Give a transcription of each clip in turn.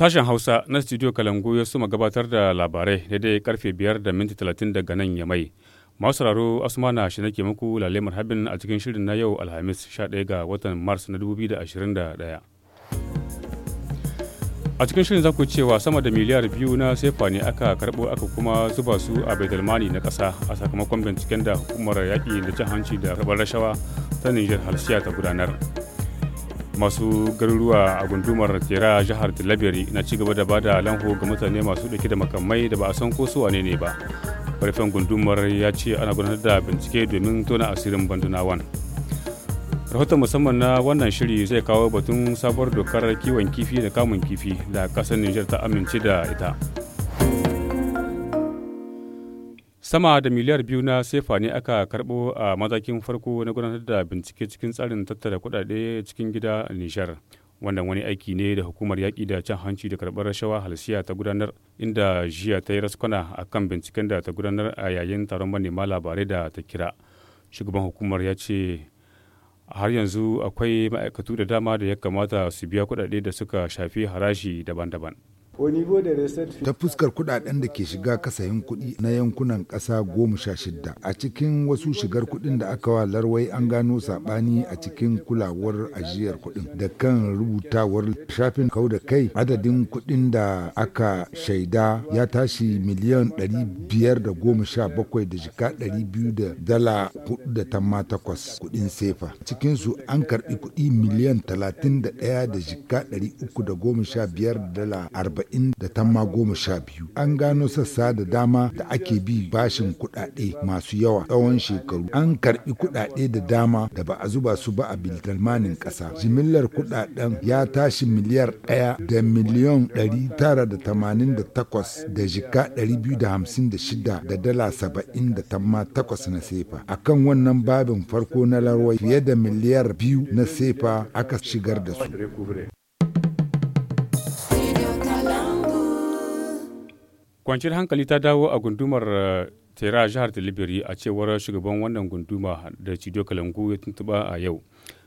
Sashen Hausa na Studio Kalangu ya suma gabatar da labarai daidai karfe biyar da minti talatin daga nan ya mai. Masu raro Asmana shi nake muku lalemar habin a cikin shirin na yau Alhamis 11 ga watan Mars na 2021. a cikin shirin za cewa sama da miliyar biyu na sefa ne aka karbo aka kuma zuba su a baitulmani na ƙasa a sakamakon binciken da hukumar yaƙi da cin hanci da rabar rashawa ta nijar halshiya ta gudanar masu garuruwa a gundumar kera jihar tilabiri na ci gaba da bada lanho ga mutane masu dauke da makamai da ba a san ko su wane ne ba farfen gundumar ya ce ana gudanar da bincike domin tona asirin bandunawan rahoton musamman na wannan shiri zai kawo batun sabuwar dokar kiwon kifi da kamun kifi da kasar niger ta amince da ita sama da miliyar biyu na sefa ne aka karbo a matakin farko na gudanar da bincike cikin tsarin tattara kudade cikin gida nishar wannan wani aiki ne da hukumar yaƙi da cin hanci da karɓar rashawa halsiya ta gudanar inda jiya ta yi raskwana a kan binciken da ta gudanar a yayin taron manema labarai da ta kira shugaban hukumar ya ce har yanzu akwai ma'aikatu da dama da ya kamata su biya kuɗaɗe da suka shafi haraji daban-daban Ta fuskar kudaden da ke shiga kasayin kudi na yankunan kasa goma sha shidda. A cikin wasu shigar kudin da aka wa larwai an gano sabani a cikin kulawar ajiyar kudin da kan rubutawar shafin kau da kai adadin kudin da aka shaida ya tashi miliyan ɗari biyar da goma sha bakwai da jika ɗari biyu da dala hudu da tamma takwas kudin sefa. Cikinsu an karbi kudi miliyan talatin da ɗaya da jika ɗari uku da goma sha biyar da dala arba'in. da tamma goma sha biyu an gano sassa da dama da ake bi bashin kudade masu yawa tsawon shekaru an karbi kudade da dama da ba a zuba su ba a biltalmanin kasa. jimillar kudaden ya tashi miliyar daya da miliyon ɗari tara da tamanin da takwas da jika ɗari biyu da hamsin da shida da dala saba'in da tamma takwas na sefa akan wannan babin farko na larwai fiye da miliyar biyu na sefa aka shigar da su kwanciyar hankali ta dawo a gundumar eh, tera jihar Tilibiri a cewar shugaban wannan gunduma da Cidio Kalangu ya tuntuba a yau.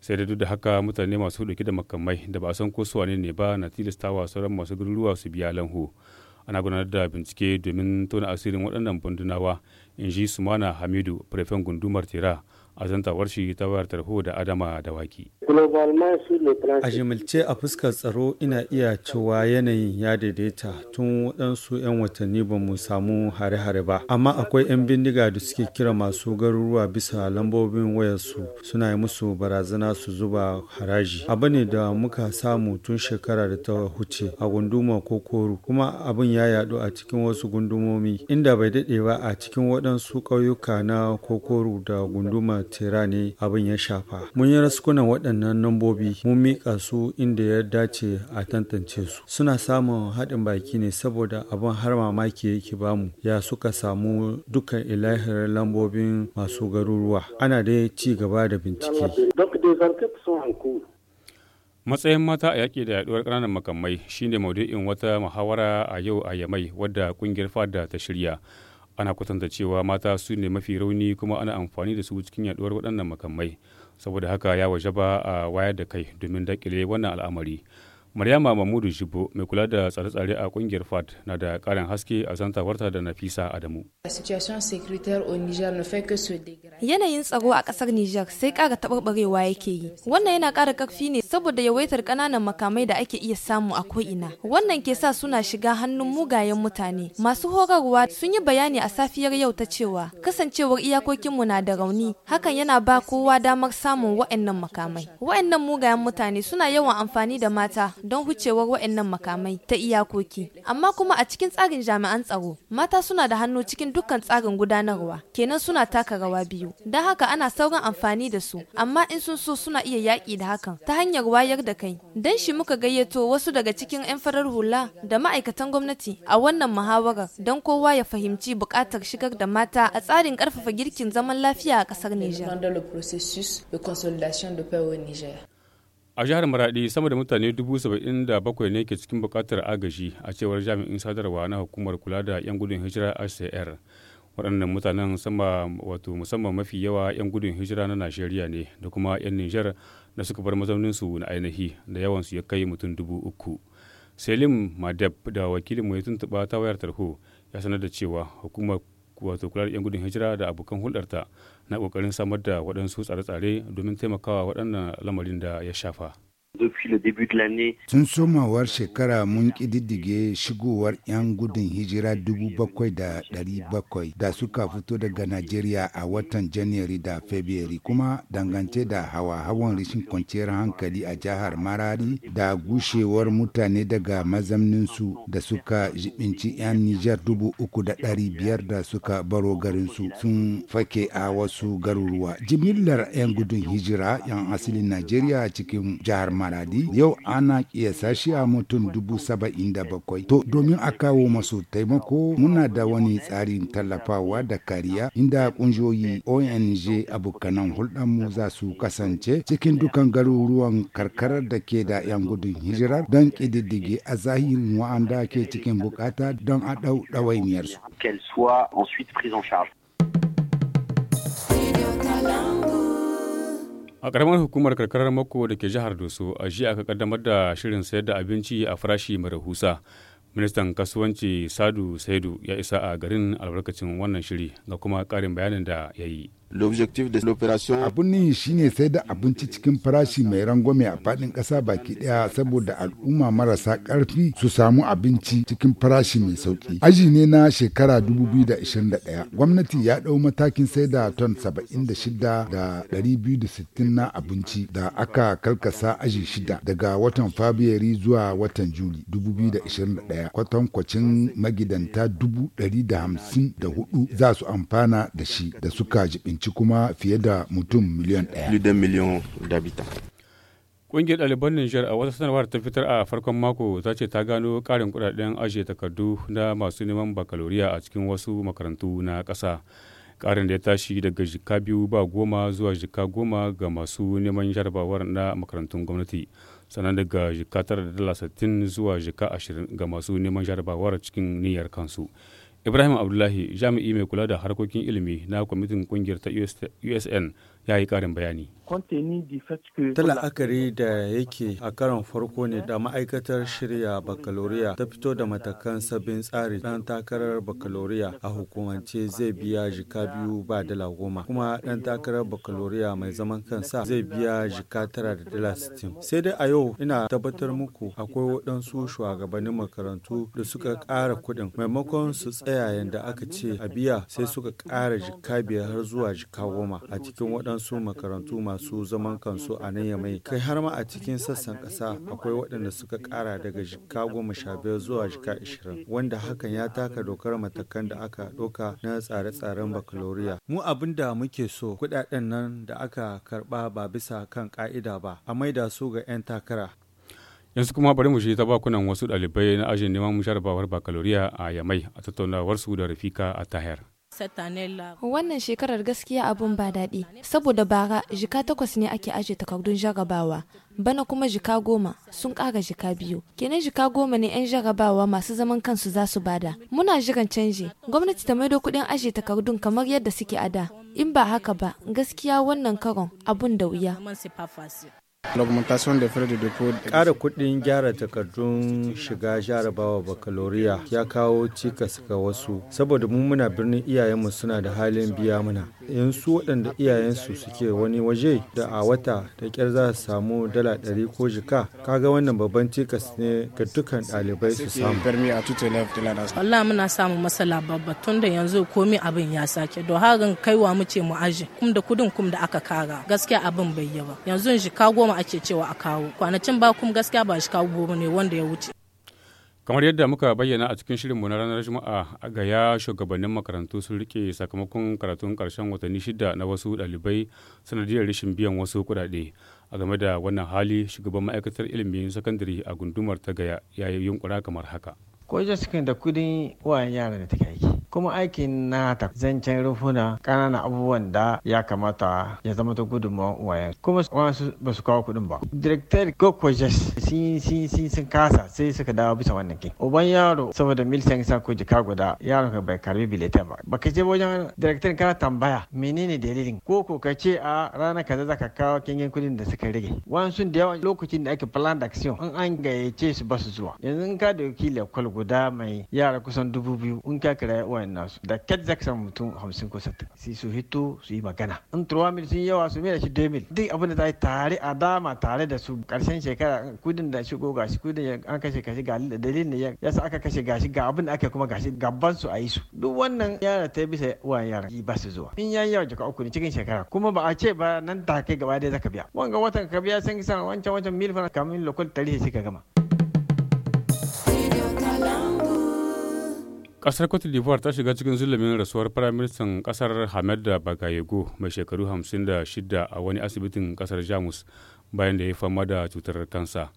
Sai da duk da haka mutane masu dauke da makamai da ba a san ko su wane ne ba na tilastawa sauran masu garuruwa su biya lanhu. Ana gudanar da bincike domin tona asirin waɗannan bandunawa, in ji Sumana Hamidu, prefen gundumar Tera. a zantawar shi ta wayar tarho da adama da waki. A jimilce a fuskar tsaro ina iya cewa yanayin ya daidaita tun waɗansu 'yan watanni ba mu samu hare-hare ba. Amma akwai 'yan bindiga da suke kira masu garuruwa bisa lambobin wayarsu suna yi musu barazana su zuba haraji. Abu ne da muka samu tun shekara da ta huce a gunduma ko kokoru kuma abin ya yaɗu a cikin wasu gundumomi inda bai daɗe ba a cikin waɗansu ƙauyuka na kokoru da gunduma tera ne abin ya shafa mun yi raskunan waɗannan nambobi mun miƙa su inda ya dace a tantance su suna samun haɗin baki ne saboda abin har mamaki yake bamu ya suka samu dukkan ilahirar lambobin masu garuruwa ana dai ci gaba da bincike matsayin mata a yaƙi da yaɗuwar ƙananan makamai shine maudu'in wata muhawara a yau a yamai wadda ƙungiyar fada ta shirya ana kwatanta cewa mata su ne mafi rauni kuma ana amfani da su cikin yaduwar waɗannan makamai saboda haka ya waje ba a wayar da kai domin daƙile wannan al'amari Maryama Mamudu Shibo mai kula da tsare-tsare a kungiyar FAD na da karin haske a warta da Nafisa Adamu. Yanayin tsaro a kasar Nijar sai kara taɓarɓarewa yake yi. Wannan yana kara ƙarfi ne saboda yawaitar ƙananan makamai da ake iya samu a ko'ina. Wannan ke sa suna shiga hannun mugayen mutane. Masu horarwa sun yi bayani a safiyar yau ta cewa kasancewar iyakokinmu na da rauni hakan yana ba kowa damar samun wa'annan makamai. Wa'annan mugayen mutane suna yawan amfani da mata don hucewar waɗannan makamai ta iyakoki. Amma kuma a cikin tsarin jami'an tsaro, mata suna da hannu cikin dukkan tsarin gudanarwa, kenan suna taka rawa biyu. Don haka ana sauran amfani da su, amma in sun so suna iya yaƙi da hakan ta hanyar wayar da kai. dan shi muka gayyato wasu daga cikin 'yan farar hula da ma'aikatan gwamnati a wannan muhawarar don kowa ya fahimci buƙatar shigar da mata a tsarin ƙarfafa girkin zaman lafiya a ƙasar Nijar. A jihar Maradi sama da mutane dubu saba'in da bakwai ne ke cikin bukatar agaji a cewar jami'in sadarwa na hukumar kula da 'yan gudun hijira HCR. Waɗannan mutanen sama wato musamman mafi yawa 'yan gudun hijira na Najeriya ne da kuma 'yan Nijar da suka bar mazauninsu na ainihi da yawansu ya kai mutum dubu uku. Selim madeb da wakilin mai tuntuɓa ta wayar tarho ya sanar da cewa hukumar wato kula da 'yan gudun hijira da abokan hulɗarta na ƙoƙarin samar da waɗansu tsare-tsare domin taimakawa waɗannan lamarin da ya shafa. Tun somawar shekara mun ƙididdige shigowar 'yan gudun hijira 7,700 da suka fito daga Najeriya a watan january da february kuma dangance da hawa-hawan rishin kwanciyar hankali a jihar Marari da gushewar mutane daga mazamninsu da suka jibinci 'yan Nijar 3,500 da suka baro garinsu sun fake a wasu garuruwa. Jimillar 'yan gudun hijira 'yan asalin Najeriya cikin jihar Marari maradi yau ana kiyasa shi a mutum dubu saba'in da bakwai to domin a kawo masu taimako muna da wani tsarin tallafawa da kariya inda kungiyoyi ong abokanan hulɗarmu za su kasance cikin dukan garuruwan karkarar da ke da 'yan gudun hijirar don ƙididdige a zahirin wa'anda ke cikin bukata don a ɗau ɗawainiyarsu. Qu'elle soit ensuite prise en charge. a ƙaramar hukumar karkarar mako da ke jihar doso a jiya aka kaddamar da shirin sayar da abinci a farashi mai rahusa ministan kasuwanci sadu saidu ya isa a garin albarkacin wannan shiri ga kuma ƙarin bayanin da ya yi L'objectif de l'opération abun ne shine sai da abinci cikin farashi mai rangwame a fadin kasa baki daya saboda al'umma marasa karfi su samu abinci cikin farashi mai sauki. Aji ne na shekara 2021 gwamnati ya dau matakin sai da ton 76 da 260 na abinci da aka kalkasa aji shida daga watan Fabiyari zuwa watan Juli 2021 kwatankwacin magidanta 154 za su amfana da shi da suka jibin tsinci kuma fiye da mutum miliyan ɗaya. Ƙungiyar ɗaliban Nijar a wata sanarwar ta fitar a farkon mako ta ce ta gano ƙarin kuɗaɗen ajiye takardu na masu neman bakaloriya a cikin wasu makarantu na ƙasa. Ƙarin da ya tashi daga jika biyu ba goma zuwa jika goma ga masu neman jarabawar na makarantun gwamnati. Sannan daga jika tara da dala zuwa jika ashirin ga masu neman jarabawar cikin niyyar kansu. Ibrahim Abdullahi jami'i mai kula da harkokin ilimi na kwamitin kungiyar ta USN ya yi ƙarin bayani. Ta la'akari da yake a karon farko ne da ma'aikatar shirya bakaloriya ta fito da matakan sabbin tsari dan takarar bakaloriya a hukumance zai biya jika biyu ba dala goma kuma dan takarar bakaloriya mai zaman kansa zai biya jika tara da dala sitin. Sai dai a yau ina tabbatar muku akwai waɗansu shugabannin makarantu da suka kara kuɗin maimakon su tsaya yadda aka ce a biya sai suka ƙara jika biyar har zuwa jika goma a cikin waɗansu makarantu masu masu zaman kansu a nan yamai kai har ma a cikin sassan ƙasa akwai waɗanda suka ƙara daga jika goma sha biyar zuwa jika ashirin wanda hakan ya taka dokar matakan da aka ɗauka na tsare-tsaren bakaloriya. Mu abin da muke so kuɗaɗen nan da aka karɓa ba bisa kan ƙa'ida ba a maida su ga 'yan takara. yanzu kuma bari mu shi ta bakunan wasu ɗalibai na ajin neman musharabawar bakaloriya a yamai a tattaunawar su da rafika a tahir. Wannan shekarar gaskiya abun ba daɗi, saboda bara jika takwas ne ake ajiye takardun jarabawa, bana kuma jika goma sun ƙara jika biyu. Kenan jika goma ne 'yan jarabawa masu zaman kansu za su bada. Muna jiran canji, gwamnati ta maido kuɗin ajiye takardun kamar yadda suke ada. In ba haka ba, gaskiya wannan karon abun da wuya. Ƙara kuɗin gyara takardun shiga jarabawa bakaloriya ya kawo cikas ga wasu, saboda mu muna birnin iyayenmu suna da halin biya mana in su waɗanda iyayensu suke wani waje da a wata da ƙyar za su samu dala ɗari ko jika, kaga wannan babban cikas ne ga dukkan ɗalibai su samu. Allah muna samu matsala babba tun da yanzu komi abin ya sake, don harin kaiwa mu ce mu aji, kum da kudin kum da aka kara, gaskiya abin bai yi ba. Yanzu jika goma ake cewa a kawo kwanacin ba gaskiya ba shi kawo goma ne wanda ya wuce kamar yadda muka bayyana a cikin mu na ranar juma'a a ya shugabannin makarantu sun rike sakamakon karatun karshen watanni shida na wasu ɗalibai sanadiyar rashin biyan wasu kuɗaɗe a game da wannan hali shugaban ma'aikatar ilimin sakandare a gundumar ta gaya ya yi yunkura kamar haka ko da kudin wayan yaran da take aiki kuma aikin ta zancen rufuna ƙananan abubuwan da ya kamata ya zama ta gudunmawar wayan kuma wasu ba su kawo kuɗin ba director gokojes sun kasa sai suka dawo bisa wannan kin uban yaro saboda mil sa ko jika guda yaron ka bai karbi biletin ba baka je wajen director ka tambaya menene dalilin ko ko ka ce a ranar kaza zaka kawo kingin kuɗin da suka rage wasu da yawan lokacin da ake plan action an an gayyace su ba su zuwa yanzu in ka da wakilin kwal guda mai yara kusan dubu biyu in ka kira uwayen kamfanin nasu da kat zaka samu mutum hamsin ko sattin sai su hito su yi magana in turuwa mil sun yawa su mai shi dai mil duk abin da za yi tare a dama tare da su karshen shekara kudin da shigo gashi kudin an kashe kashi ga dalilin da ya sa aka kashe gashi ga abin da aka kuma gashi gaban su a yi su duk wannan yara ta bisa wa yara ba su zuwa in yayi yawa jaka uku ne cikin shekara kuma ba a ce ba nan take gaba da zaka biya wanga watan ka biya san san wancan wancan mil fa kamin lokal tarihi sai ka gama Kasar Cote d'Ivoire ta shiga cikin zulumin rasuwar Firaministan kasar da Bagayego mai shekaru 56 a wani asibitin kasar Jamus bayan da ya fama da cutar kansa.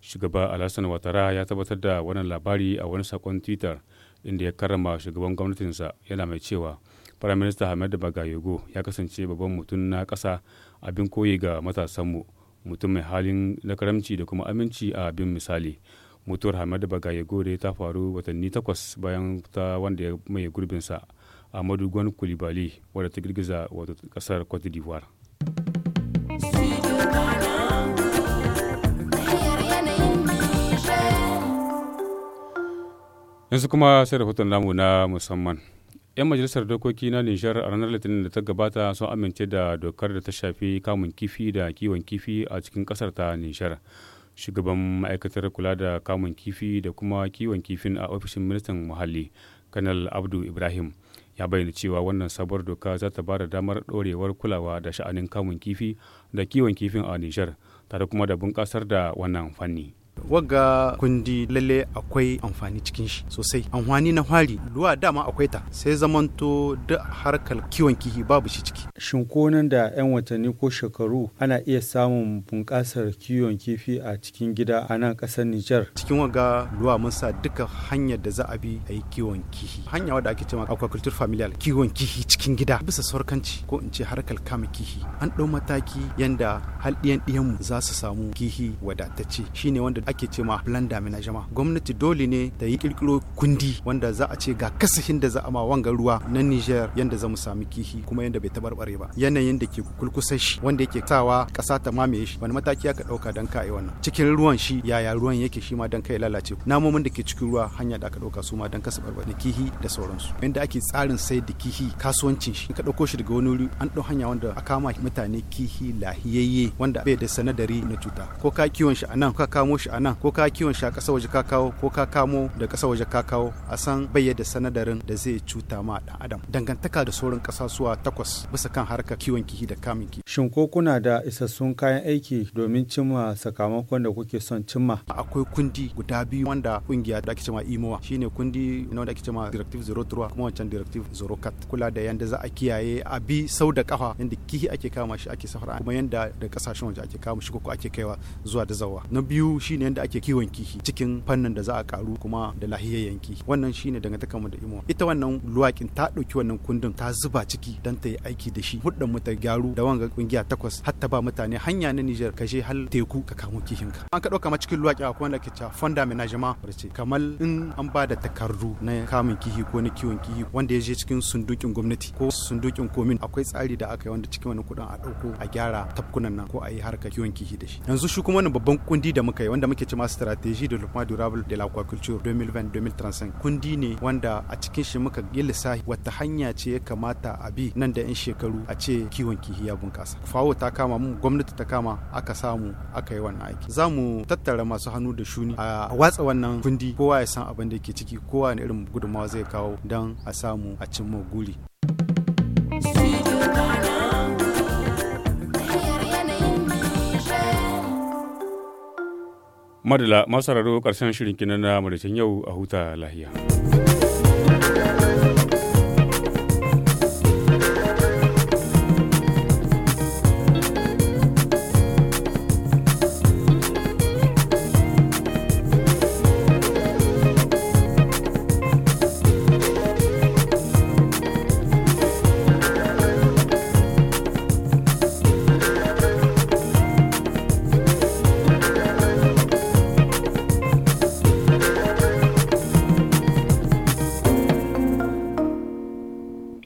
Shugaba Alassane watara ya tabbatar da wannan labari a wani sakon Twitter inda ya karrama shugaban gwamnatinsa yana mai cewa Firaminista Hamed Bagayego ya kasance babban mutum na kasa abin koyi ga matasanmu mutum mai halin na da kuma aminci a abin misali. mutuwar hamadu bagaye gore ta faru watanni takwas bayan ta wanda ya mai gurbinsa a gwan kulibali wadda ta girgiza wata kasar cote d'ivoire yanzu kuma sai rahoton namu na musamman 'yan majalisar dokoki na nijar a ranar litinin da ta gabata sun amince da dokar da ta shafi kamun kifi da kiwon kifi a cikin kasar ta nijar shugaban ma'aikatar kula da kamun kifi da kuma kiwon kifin a ofishin ministan muhalli kanal abdu ibrahim ya bayyana cewa wannan sabuwar doka za ta bada damar ɗorewar kulawa da sha'anin kamun kifi da kiwon kifin a nijar tare kuma da bunƙasar da wannan fanni. Waga kundi lalle akwai amfani cikin shi sosai amfani na hwari ruwa dama akwai ta sai zamanto da harkar kiwon kihi babu shi ciki shin ko nan da yan watanni ko shekaru ana iya samun bunƙasar kiwon kifi a cikin gida a nan ƙasar Nijar cikin waga ruwa mun sa duka hanyar da za a bi a yi kiwon kihi hanya wadda ake cewa aquaculture familial kiwon kihi cikin gida bisa sorkanci ko in ce harkar kama kihi an ɗau mataki yanda hal ɗiyan mu za su samu kihi wadatacce shine wanda ake cema plan d'aménagement jama gwamnati dole ne ta yi kirkiro kundi wanda za a ce ga kasashen da za a ma wanga ruwa na Niger yanda za mu sami kihi kuma yanda bai tabarbare ba yanayin da ke kulkusan shi wanda yake sawa kasa ta mamaye shi wani mataki aka dauka dan kai wannan cikin ruwan shi yaya ruwan yake shi ma dan kai lalace namomin da ke cikin ruwa hanya da aka ɗauka su ma dan kasa barbare kihi da sauransu yanda ake tsarin sai da kihi kasuwancin shi ka dauko shi daga wani wuri an dau hanya wanda a kama mutane kihi lahiyayye wanda bai da sanadari na cuta ko ka kiwon shi a ka kamo shi a nan ko ka kiwon shi a ƙasa waje ka kawo ko ka kamo da ƙasa waje ka kawo a san bayyana sanadarin da zai cuta ma ɗan adam dangantaka da sauran ƙasasuwa takwas bisa kan harka kiwon kihi da kamun kihi. Shin ko kuna da isassun kayan aiki domin cimma sakamakon da kuke son cimma? Akwai kundi guda biyu wanda kungiya da ake cewa imowa e shine kundi na wanda ake cewa directive 03 kuma wancan directive 04 kula da yanda za a kiyaye a bi sau da kafa yanda kihi ake kama shi ake safara kuma yanda da ƙasashen waje ake kama shi ko ake kaiwa zuwa da zawa. Na biyu shine yadda ake kiwon kihi cikin fannin da za a karu kuma da lahiyayyen kifi wannan shine dangantakar mu da imo ita wannan luwakin ta ɗauki wannan kundin ta zuba ciki Dan ta yi aiki da shi huddan mu ta gyaru da wanga kungiya takwas har ta ba mutane hanya na Niger ka je hal teku ka kamo kifin ka an ka kama ma cikin luwaki akwai wanda ke cewa fonda wace kamar in an ba da takardu na kamun kihi ko na kiwon kihi wanda ya je cikin sundukin gwamnati ko sundukin komin akwai tsari da aka yi wanda cikin wani kudin a dauko a gyara tafkunan nan ko a yi harkar kiwon kihi da shi yanzu shi kuma wani babban kundi da muka yi wanda muke cema strategy de développement durable de l'aquaculture 2020-2035 kundi ne wanda a cikin shi muka yi lissafi wata hanya ce ya kamata a bi nan da 'yan shekaru a ce kiwon kihi ya bunƙasa fawo ta kama mu gwamnati ta kama aka samu aka yi wannan aiki za mu tattara masu hannu da shuni a watsa wannan kundi kowa ya san abin da ke ciki kowa ne irin gudunmawa zai kawo don a samu a cimma guri Madala masarar sauraro ƙarshen shirin kinan na yau a huta lahiya.